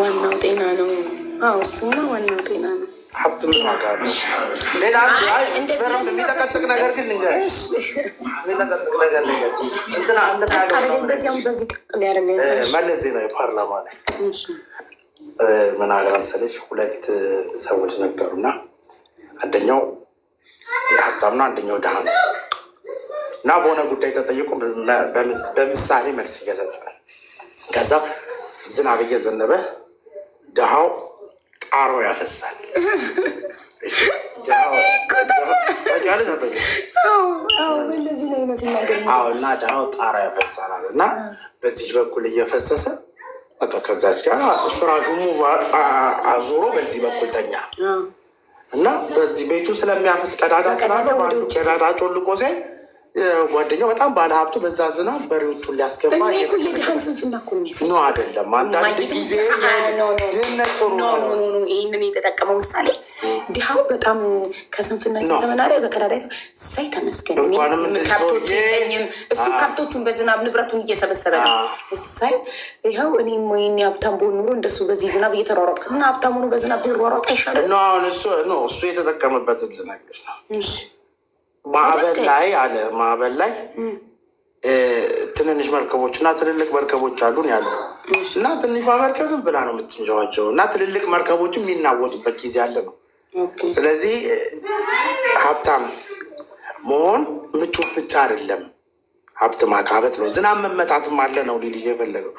ዋናው ጤና ነው። አዎ እሱማ ዋናው ጤና ነው። ሀብት ምን ዋጋ አለው? ሌላ የሚጠቀጥቅ ነገር ግን መለስ ዜናዊ ፓርላማ ላይ ምን አለ መሰለሽ ሁለት ሰዎች ነበሩና አንደኛው የሀብታም ነው፣ አንደኛው ድሃ ነው እና በሆነ ጉዳይ ተጠይቁ በምሳሌ መልስ ይገዘጣል ከዛ ዝናብ እየዘነበ ድሃው ቃሮ ያፈሳል። እና ድሃው ጣራ ያፈሳላል። እና በዚህ በኩል እየፈሰሰ በቃ ከዛች ጋር ፍራሹሙ አዙሮ በዚህ በኩል ተኛ እና በዚህ ቤቱ ስለሚያፈስ ቀዳዳ ስላለ ቀዳዳ ጮልቆ ጓደኛው በጣም ባለ ሀብቱ በዛ ዝና በሬዎቹን ሊያስገባ የድሃን ስንፍና እኮ ነው አይደለም። አንዳንድ ጊዜ ድህነት ይህንን የተጠቀመው ምሳሌ ድሃው በጣም ከስንፍና ዘመና ላይ በከዳዳይ ሳይ ተመስገን ከብቶች እሱ ከብቶቹን በዝናብ ንብረቱን እየሰበሰበ ነው። እሳይ ይኸው እኔም ወይኔ ሀብታም በሆን ኑሮ እንደሱ በዚህ ዝናብ እየተሯሯጥ እና ሀብታም ሆኖ በዝናብ ቢሯሯጥ አይሻልም? እሱ የተጠቀመበትን ልነግርህ ነው ማዕበል ላይ አለ ማዕበል ላይ ትንንሽ መርከቦች እና ትልልቅ መርከቦች አሉን ያለ እና ትንሿ መርከብ ዝም ብላ ነው የምትንጀዋቸው እና ትልልቅ መርከቦች የሚናወጡበት ጊዜ አለ ነው። ስለዚህ ሀብታም መሆን ምቹ ብቻ አይደለም፣ ሀብት ማካበት ነው። ዝናብ መመጣትም አለ ነው ሊልዬ የፈለገው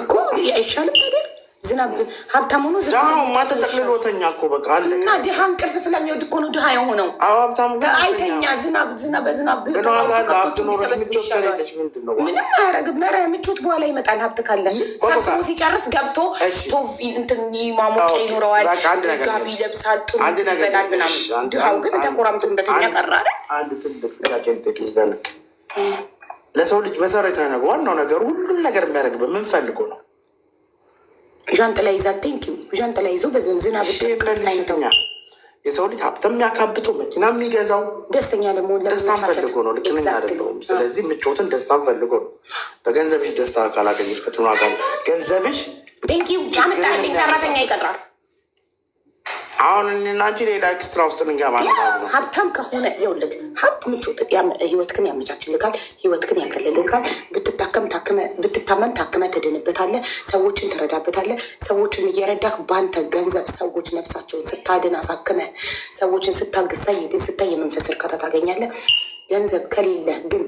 እኮ አይሻልም ታዲያ ዝናብ ሀብታም ሆኖ ዝናብማ ተጠቅልሎተኛ እኮ በቃ እና ድሃ እንቅልፍ ስለሚወድ እኮ ነው ድሃ የሆነው። አይተኛ ዝናብ ዝናብ በዝናብ ምንም አያረግም። ኧረ ምቾት በኋላ ይመጣል። ሀብት ካለ ሰብስቦ ሲጨርስ ገብቶ ስቶቭ እንትን ማሞቅ ይኖረዋል። ጋቢ ይለብሳል፣ ጥሩ ይበላል ምናምን። ድሃው ግን ተኮራምቱን በተኛ ቀረ አይደል? ለሰው ልጅ መሰረታዊ ነገር ዋናው ነገር ሁሉም ነገር የሚያደርግበት የምንፈልገው ነው ዣንጥላ ይዛል። ቴንኪ ዣንጥላ ይዞ በዝንዝና ብትቀርናይተኛ የሰው ልጅ ሀብተም የሚያካብተው መኪና የሚገዛው ደስተኛ ደግሞ ደስታን ፈልጎ ነው። ልክ ነኝ አይደለሁም? ስለዚህ ምቾትን ደስታን ፈልጎ ነው። በገንዘብሽ ደስታ ካላገኘሽ ከትኖ ገንዘብሽ ቴንኪ አመጣልኝ ሰራተኛ ይቀጥራል አሁን እኔና አንቺ ሌላ ኤክስትራ ውስጥ ልንገባ ሀብታም ከሆነ የውለድ ሀብት ምቾት ህይወትክን ያመቻችልካል፣ ህይወትክን ያቀልልካል። ብትታመም ታክመ ትድንበታለህ፣ ሰዎችን ትረዳበታለህ። ሰዎችን እየረዳክ በአንተ ገንዘብ ሰዎች ነፍሳቸውን ስታድን አሳክመ ሰዎችን ስታግሳ የድን ስታይ የመንፈስ እርካታ ታገኛለህ። ገንዘብ ከሌለ ግን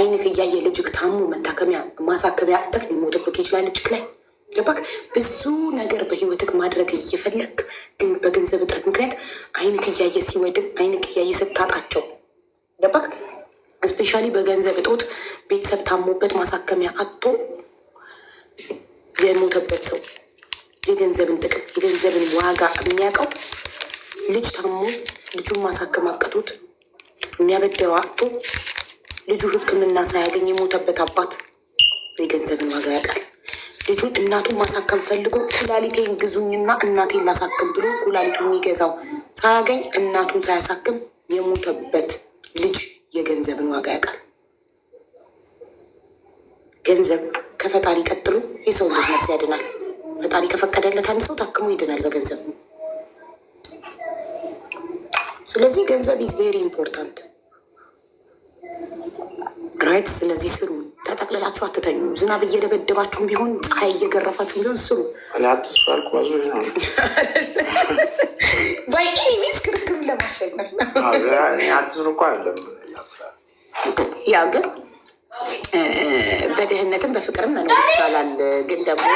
አይነት እያየ ልጅክ ታሞ መታከሚያ ማሳከቢያ ጠቅ ሊሞትብክ ይችላል ልጅክ ላይ ገባክ? ብዙ ነገር በህይወትክ ማድረግ እየፈለግ ግን በገንዘብ እጥረት ምክንያት አይንክ እያየ ሲወድም አይንክ እያየ ስታጣቸው ገባክ? እስፔሻሊ በገንዘብ እጦት ቤተሰብ ታሞበት ማሳከሚያ አጥቶ የሞተበት ሰው የገንዘብን ጥቅም የገንዘብን ዋጋ የሚያውቀው ልጅ ታሞ ልጁን ማሳከም አቅቶት የሚያበደረው አጥቶ ልጁ ሕክምና ሳያገኝ የሞተበት አባት የገንዘብን ዋጋ ያውቃል። ልጁን እናቱን ማሳከም ፈልጎ ኩላሊቴን ግዙኝና እናቴን ላሳክም ብሎ ኩላሊቱን የሚገዛው ሳያገኝ እናቱን ሳያሳክም የሞተበት ልጅ የገንዘብን ዋጋ ያውቃል። ገንዘብ ከፈጣሪ ቀጥሎ የሰው ልጅ ነፍስ ያድናል። ፈጣሪ ከፈቀደለት አንድ ሰው ታክሞ ይድናል በገንዘብ። ስለዚህ ገንዘብ ኢዝ ቬሪ ኢምፖርታንት ራይት። ስለዚህ ስሩ ተጠቅልላችሁ አትተኙ። ዝናብ እየደበደባችሁም ቢሆን ፀሐይ እየገረፋችሁም ቢሆን ስሩ። ባይኒሚስ ክርክር ለማሸነፍ ነው። ያ ግን በድህነትም በፍቅርም መኖር ይቻላል። ግን ደግሞ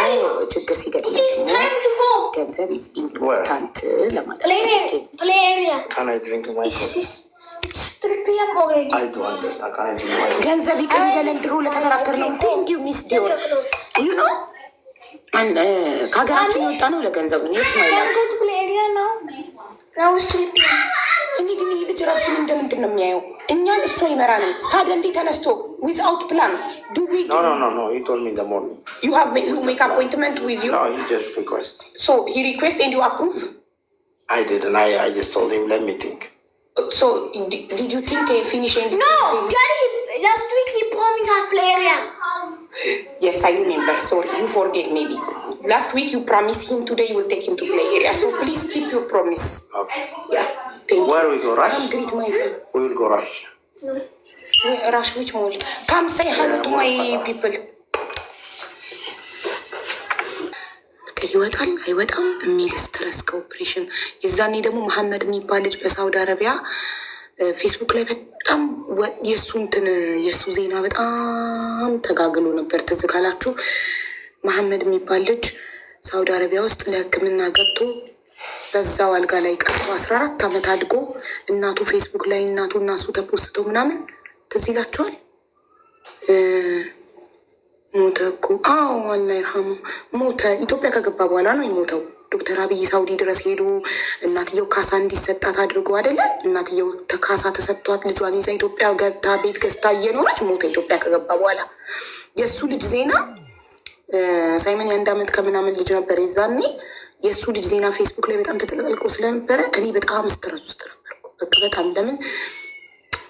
ችግር ሲገጥም ገንዘብ ኢምፖርታንት ለማለት ገንዘብ ይቅር ይበለን። ድሮ ለተከራከር ነው እንዲሁ ሚስ ዲሆን ከሀገራችን የወጣ ነው ለገንዘቡ እኔ ግን ይህ ልጅ ራሱን እንደምንድን ነው የሚያየው? እኛን እሱ አይመራንም። ሳደንዴ ተነስቶ ዊዝ አውት ፕላን አፖይንትመንት ሪኩዌስት So, did you think they finished anything? No, Daddy, last week he promised play Valerian. Yes, I remember. Sorry, you forget maybe. Last week you promised him, today you will take him to play area. So please keep your promise. Okay. Yeah. Thank Where you. we go, Rush? Come greet my friend. We will go, Rush. No. Rush, which mall? Come say hello yeah, to my people. ይወጣል አይወጣም የሚል ስትረስ ከኦፕሬሽን የዛኔ ደግሞ መሐመድ የሚባል ልጅ በሳውዲ አረቢያ ፌስቡክ ላይ በጣም የእሱ እንትን የእሱ ዜና በጣም ተጋግሎ ነበር። ትዝ ካላችሁ መሐመድ የሚባል ልጅ ሳውዲ አረቢያ ውስጥ ለሕክምና ገብቶ በዛው አልጋ ላይ ቀርቶ አስራ አራት ዓመት አድጎ እናቱ ፌስቡክ ላይ እናቱ እናሱ ተፖስተው ምናምን ትዝ ይላችኋል። ሞተ እኮ። አዎ አላህ ይርሃሙ ሞተ። ኢትዮጵያ ከገባ በኋላ ነው የሞተው። ዶክተር አብይ ሳውዲ ድረስ ሄዱ። እናትየው ካሳ እንዲሰጣት አድርጎ አደለ? እናትየው ካሳ ተሰጥቷት ልጇን ይዛ ኢትዮጵያ ገብታ ቤት ገዝታ እየኖረች ሞተ። ኢትዮጵያ ከገባ በኋላ የእሱ ልጅ ዜና ሳይመን የአንድ ዓመት ከምናምን ልጅ ነበር የዛኔ። የእሱ ልጅ ዜና ፌስቡክ ላይ በጣም ተጠቅልቆ ስለነበረ እኔ በጣም ስትረስ ውስጥ ነበርኩ። በቃ በጣም ለምን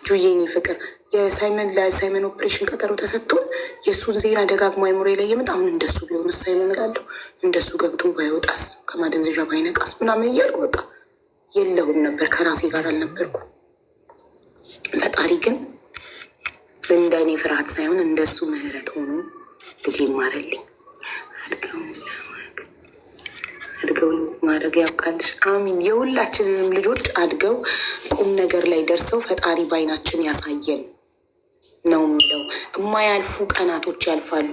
ጁዬኔ ፍቅር የሳይመን ለሳይመን ኦፕሬሽን ቀጠሮ ተሰጥቶን የእሱን ዜና ደጋግሞ አይምሮ ላይ የምጥ አሁን እንደሱ ቢሆንስ ሳይመን እላለሁ። እንደሱ ገብቶ ባይወጣስ ከማደንዘዣ ባይነቃስ ምናምን እያልኩ በቃ የለሁም ነበር፣ ከራሴ ጋር አልነበርኩ። ፈጣሪ ግን እንደ እኔ ፍርሃት ሳይሆን እንደሱ ምህረት ሆኖ ልጅ ይማረልኝ። ማድረግ ያብቃልሽ። አሚን። የሁላችንንም ልጆች አድገው ቁም ነገር ላይ ደርሰው ፈጣሪ ባይናችን ያሳየን ነው የምለው። የማያልፉ ቀናቶች ያልፋሉ።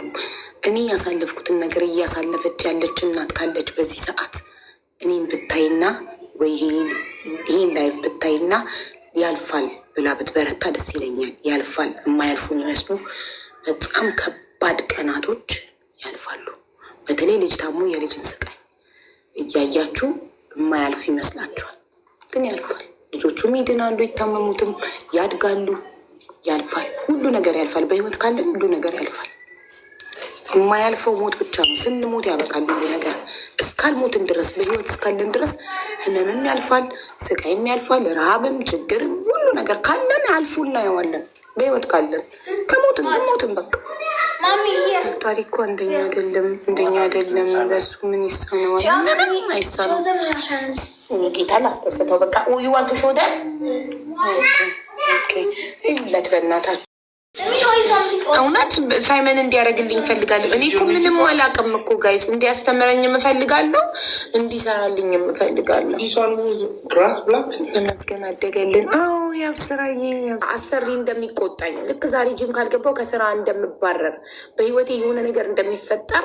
እኔ ያሳለፍኩትን ነገር እያሳለፈች ያለች እናት ካለች በዚህ ሰዓት እኔን ብታይና ወይ ይህን ላይፍ ብታይና ያልፋል ብላ ብትበረታ ደስ ይለኛል። ያልፋል። የማያልፉ የሚመስሉ በጣም ከባድ ቀናቶች ያልፋሉ። በተለይ ልጅ ታሞ የልጅን ስቃይ እያያችሁ የማያልፍ ይመስላችኋል፣ ግን ያልፋል። ልጆቹም ይድናሉ፣ ይታመሙትም ያድጋሉ፣ ያልፋል። ሁሉ ነገር ያልፋል። በህይወት ካለን ሁሉ ነገር ያልፋል። የማያልፈው ሞት ብቻ ነው። ስንሞት ያበቃል ሁሉ ነገር። እስካልሞትን ድረስ በህይወት እስካለን ድረስ ህመምም ያልፋል፣ ስቃይም ያልፋል፣ ረሃብም፣ ችግርም ሁሉ ነገር ካለን አልፎ እናየዋለን። በህይወት ካለን ከሞትን ግን ሞትን በቃ ታሪክ እንደኛ አይደለም፣ እንደኛ አይደለም። በሱ ምን ይሳነዋል? አይሳነው። ጌታ ላስደስተው በቃ ዩዋንቱ ሾደ ይለት በእናታቸው እውነት ሳይመን እንዲያደርግልኝ እፈልጋለሁ። እኔ እኮ ምንም አላውቅም እኮ ጋይስ፣ እንዲያስተምረኝ እፈልጋለሁ፣ እንዲሰራልኝ እፈልጋለሁ። አደገልን። አዎ ያው ስራ አሰሪ እንደሚቆጣኝ ልክ ዛሬ ጅም ካልገባው ከስራ እንደምባረር በህይወቴ የሆነ ነገር እንደሚፈጠር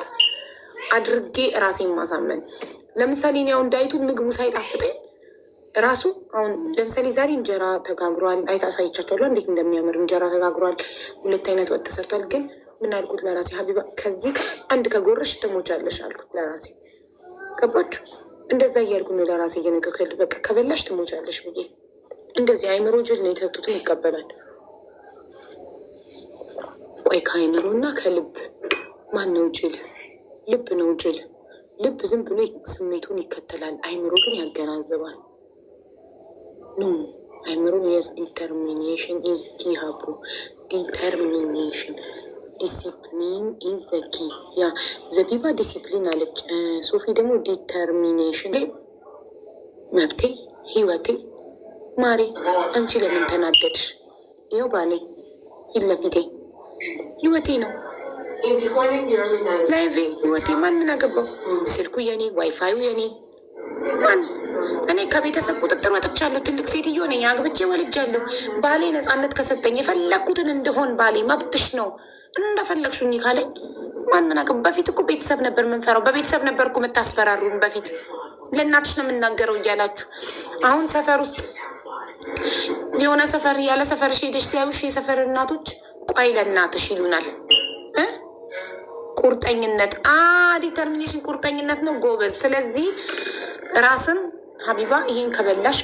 አድርጌ ራሴን ማሳመን። ለምሳሌ እኔ እንዳይቱ ምግቡ ሳይጣፍጠኝ ራሱ አሁን ለምሳሌ ዛሬ እንጀራ ተጋግሯል። አይታ አሳይቻቸዋለሁ እንዴት እንደሚያምር እንጀራ ተጋግሯል። ሁለት አይነት ወጥ ተሰርቷል። ግን ምን አልኩት ለራሴ ሀቢባ ከዚህ አንድ ከጎረሽ ትሞቻለሽ አልኩት ለራሴ ገባችሁ? እንደዛ እያልኩ ነው ለራሴ እየነገርኩት በቃ ከበላሽ ትሞቻለሽ ብዬ እንደዚህ አይምሮ ጅል ነው የተቱትን ይቀበላል። ቆይ ከአይምሮ እና ከልብ ማን ነው ጅል? ልብ ነው ጅል። ልብ ዝም ብሎ ስሜቱን ይከተላል። አይምሮ ግን ያገናዝባል። ነው። አይምሮ የስ ዲተርሚኔሽን ኢዝ ኪ ሀቡ ዲተርሚኔሽን ዲሲፕሊን ኢዝ ዘኪ ያ ዘቢባ ዲሲፕሊን አለች። ሶፊ ደግሞ ዲተርሚኔሽን መብቴ ህይወቴ። ማሬ አንቺ ለምን ተናደድሽ? ይኸው ባሌ ፊት ለፊቴ ህይወቴ ነው ላይፌ ህይወቴ። ማንን አገባው? Mm. ስልኩ የኔ፣ ዋይፋዩ የኔ ማን እኔ ከቤተሰብ ቁጥጥር ወጥቻለሁ። ትልቅ ሴትዮ ነኝ፣ አግብቼ ወልጃለሁ። ባሌ ነፃነት ከሰጠኝ የፈለግኩትን እንደሆን ባሌ መብትሽ ነው እንደፈለግሽኝ ካለኝ ማን ምን አቅም። በፊት እኮ ቤተሰብ ነበር የምንፈራው፣ በቤተሰብ ነበር እኮ የምታስፈራሩን። በፊት ለእናትሽ ነው የምናገረው እያላችሁ አሁን ሰፈር ውስጥ የሆነ ሰፈር ያለ ሰፈርሽ ሄደሽ ሲያዩሽ የሰፈር እናቶች ቆይ ለእናትሽ ይሉናል። ቁርጠኝነት አ ዲተርሚኔሽን ቁርጠኝነት ነው ጎበዝ። ስለዚህ ራስን ሀቢባ ይህን ከበላሽ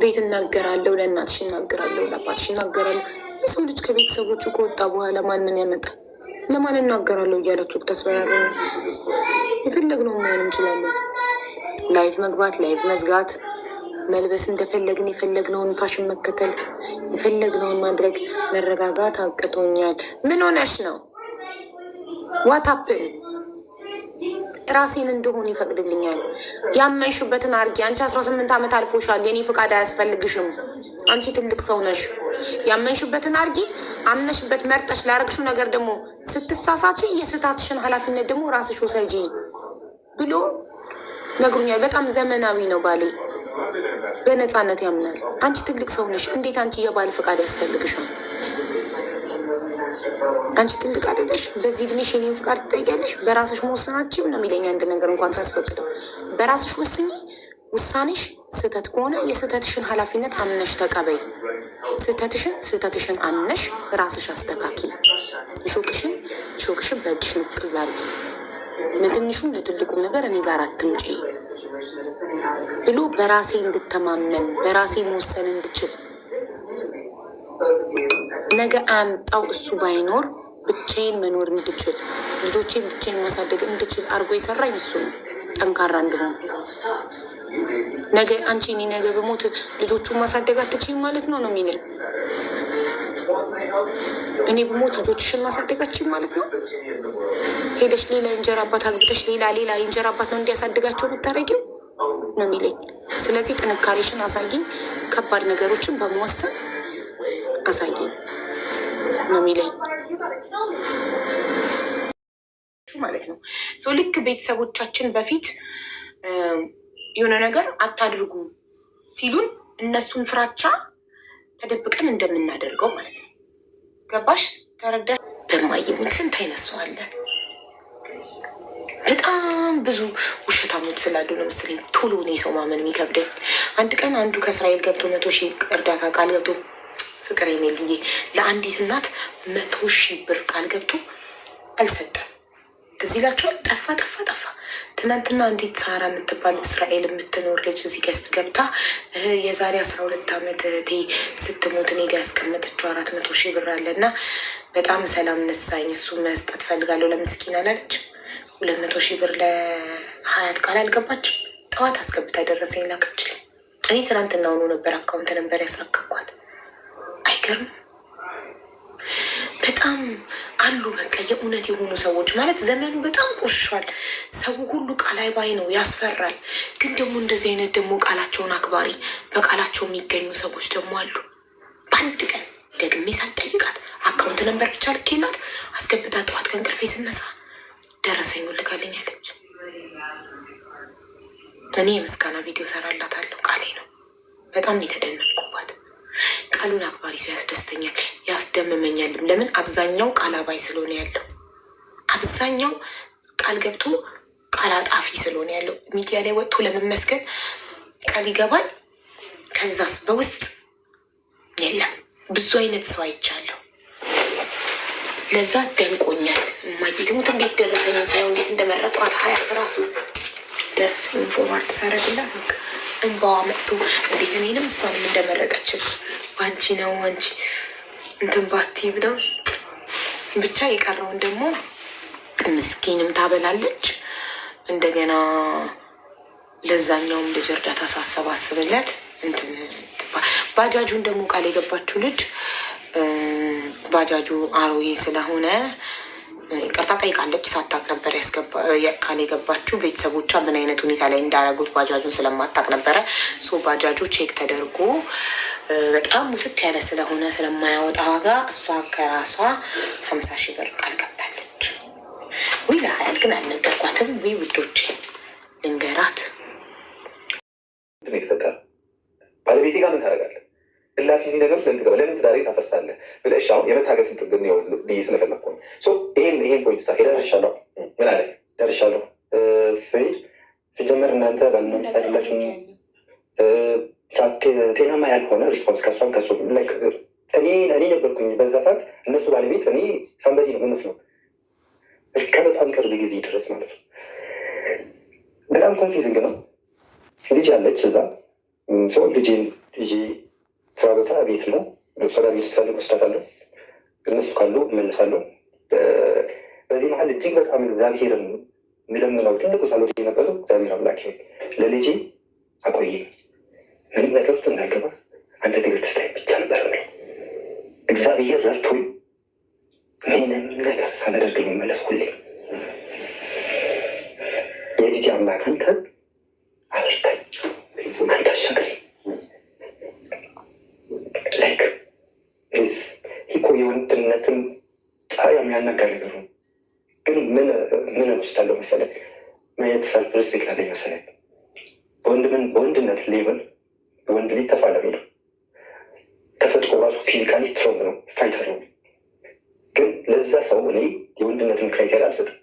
ቤት እናገራለሁ፣ ለእናትሽ እናገራለሁ፣ ለአባትሽ እናገራለሁ። የሰው ልጅ ከቤተሰቦቹ ከወጣ በኋላ ማን ምን ያመጣል? ለማን እናገራለሁ እያላችሁ ተስፋ ያለ የፈለግነው መሆን እንችላለን። ላይፍ መግባት፣ ላይፍ መዝጋት፣ መልበስ እንደፈለግን፣ የፈለግነውን ፋሽን መከተል፣ የፈለግነውን ማድረግ። መረጋጋት አቅቶኛል። ምን ሆነሽ ነው? ዋት ሀፕን ራሴን እንደሆን ይፈቅድልኛል። ያመንሽበትን አርጊ። አንቺ አስራ ስምንት ዓመት አልፎሻል። የኔ ፍቃድ አያስፈልግሽም። አንቺ ትልቅ ሰው ነሽ። ያመንሽበትን አርጊ። አምነሽበት መርጠሽ ላረግሽው ነገር ደግሞ ስትሳሳች የስታትሽን ኃላፊነት ደግሞ ራስሽ ውሰጂ ብሎ ነግሩኛል። በጣም ዘመናዊ ነው ባሌ። በነፃነት ያምናል። አንቺ ትልቅ ሰው ነሽ። እንዴት አንቺ የባል ፍቃድ ያስፈልግሻል? አንቺ ትልቅ አይደለሽ? በዚህ እድሜሽ የኔን ፍቃድ ትጠይቂያለሽ? በራስሽ መወሰናችም ነው የሚለኝ። አንድ ነገር እንኳን ሳስፈቅደው በራስሽ ወስኚ። ውሳኔሽ ስህተት ከሆነ የስህተትሽን ኃላፊነት አምነሽ ተቀበይ። ስህተትሽን ስህተትሽን አምነሽ ራስሽ አስተካክል። ሾክሽን ሾክሽን በእጅሽ ንቅል ለትንሹም ለትልቁም ነገር እኔ ጋር አትምጪ ብሎ በራሴ እንድተማመን በራሴ መወሰን እንድችል ነገ አምጣው እሱ ባይኖር ብቻዬን መኖር እንድችል ልጆቼን ብቻዬን ማሳደግ እንድችል አድርጎ የሰራኝ እሱ ነው። ጠንካራ እንድሆን ነገ አንቺ እኔ ነገ በሞት ልጆቹን ማሳደግ አትችይም ማለት ነው ነው የሚለኝ። እኔ በሞት ልጆችሽን ማሳደግ አትችይም ማለት ነው። ሄደሽ ሌላ የእንጀራ አባት አግብተሽ ሌላ ሌላ የእንጀራ አባት ነው እንዲያሳድጋቸው የምታደርጊው ነው የሚለኝ። ስለዚህ ጥንካሬሽን አሳይኝ። ከባድ ነገሮችን በመወሰን አሳየኝ ነው የሚለኝ ማለት ነው። ልክ ቤተሰቦቻችን በፊት የሆነ ነገር አታድርጉ ሲሉን እነሱን ፍራቻ ተደብቀን እንደምናደርገው ማለት ነው። ገባሽ ተረዳ? በማየሙት ስንት አይነት ሰው አለ። በጣም ብዙ ውሸታሞች ስላሉ ነው መሰለኝ ቶሎ እኔ ሰው ማመን የሚከብደኝ። አንድ ቀን አንዱ ከእስራኤል ገብቶ መቶ ሺህ እርዳታ ቃል ገብቶ ፍቅር የሚሉኝ ለአንዲት እናት መቶ ሺህ ብር ቃል ገብቶ አልሰጠም። እዚህ ላቸዋል ጠፋ ጠፋ ጠፋ። ትናንትና እንዴት ሳራ የምትባል እስራኤል የምትኖር ልጅ እዚህ ገስት ገብታ የዛሬ አስራ ሁለት ዓመት እህቴ ስትሞት እኔ ጋ ያስቀመጠችው አራት መቶ ሺህ ብር አለ እና በጣም ሰላም ነሳኝ፣ እሱ መስጠት ፈልጋለሁ ለምስኪን አላለች። ሁለት መቶ ሺህ ብር ለሀያት ቃል አልገባችም። ጠዋት አስገብታ ደረሰኝ ላከችልኝ። እኔ ትናንትና ሆኖ ነበር አካውንት ነበር ያስረከብኳት። አይደለም። በጣም አሉ በቃ የእውነት የሆኑ ሰዎች ማለት ዘመኑ በጣም ቆሽሿል። ሰው ሁሉ ቃላይ ባይ ነው፣ ያስፈራል። ግን ደግሞ እንደዚህ አይነት ደግሞ ቃላቸውን አክባሪ በቃላቸው የሚገኙ ሰዎች ደግሞ አሉ። በአንድ ቀን ደግሜ ሳልጠይቃት አካውንት ነንበር ብቻ ልኬላት አስገብታ ጠዋት ከእንቅልፌ ስነሳ ደረሰኝ ልካልኝ አለች። እኔ የምስጋና ቪዲዮ ሰራላታለሁ፣ ቃሌ ነው። በጣም የተደነቅኩባት ቃሉን አክባሪ ሰው ያስደስተኛል፣ ያስደምመኛልም። ለምን አብዛኛው ቃል አባይ ስለሆነ ያለው አብዛኛው ቃል ገብቶ ቃል አጣፊ ስለሆነ ያለው ሚዲያ ላይ ወጥቶ ለመመስገን ቃል ይገባል። ከዛስ በውስጥ የለም። ብዙ አይነት ሰው አይቻለሁ። ለዛ ደንቆኛል። እማዬ ትሙት እንዴት ደረሰኝ ሳይሆን እንዴት እንደመረቋት ሀያት ራሱ ደረሰኝ ፎርዋርድ ሳረግላት እንባዋ መጥቶ እንዴት እኔንም እሷንም እንደመረቀችው አንቺ ነው አንቺ እንትን ባቲ ብለው ብቻ የቀረውን ደግሞ ምስኪንም ታበላለች። እንደገና ለዛኛውም ልጅ እርዳታ ሳሰባስብለት እንትን ባጃጁን ደግሞ ቃል የገባችው ልጅ ባጃጁ አሮዬ ስለሆነ ይቅርታ ጠይቃለች። ሳታቅ ነበር ካል የገባችው። ቤተሰቦቿ ምን አይነት ሁኔታ ላይ እንዳረጉት ባጃጁን ስለማታቅ ነበረ። ሶ ባጃጁ ቼክ ተደርጎ በጣም ውትት ያለ ስለሆነ ስለማያወጣ ዋጋ እሷ ከራሷ ሀምሳ ሺህ ብር ቃል ገብታለች። ዊ ለሀያል ግን አልነገርኳትም። ዊ ውዶች ልንገራት ባለቤቴ ጋር ምን ታደርጋለች? ሌላ ፊዚ ነገር ለምን ትገባ ለምን ትዳሬ ታፈርሳለህ ብለህ እሺ አሁን የመታገስ ጥግን ብዬ ስለፈለግኩ ነው ይህን ይህን ፖይንት ስታሄድ ደርሻለሁ ምን አለ ደርሻለሁ ስሄድ ሲጀመር እናንተ ባልና ሚስት ጤናማ ያልሆነ ሪስፖንስ ከሷም ከሱ እኔ እኔ ነበርኩኝ በዛ ሰዓት እነሱ ባለቤት እኔ ሰንበዴ ነው የምመስለው እስከ በጣም ቅርብ ጊዜ ድረስ ማለት ነው በጣም ኮንፊዝንግ ነው ልጅ ያለች እዛ ሰው ልጅ ስራ ቦታ ቤት ነው። ስራ ቤት ስፈልግ አለው። እነሱ ካሉ እመለሳለሁ። በዚህ መሀል እጅግ በጣም እግዚአብሔርን ምለምነው ትልቁ ጸሎት የነበረው እግዚአብሔር አምላክ ለልጄ አቆየኝ፣ ምንም ነገር ውስጥ እንዳይገባ አንተ ትዕግስት ስታይ ብቻ ነበር ምለው። እግዚአብሔር ረድቶኝ ምንም ነገር ሳላደርግ የሚመለስ ሁሌ የልጄ አምላክ አንተን ይመስለኝ በወንድምን በወንድነት ሌቭል የወንድ ልጅ ተፋላሚ ነው። ተፈጥሮ ራሱ ፊዚካሊ ስትሮንግ ነው፣ ፋይተር ነው። ግን ለዛ ሰው እኔ የወንድነትን ክራይቴሪያ አልሰጥም።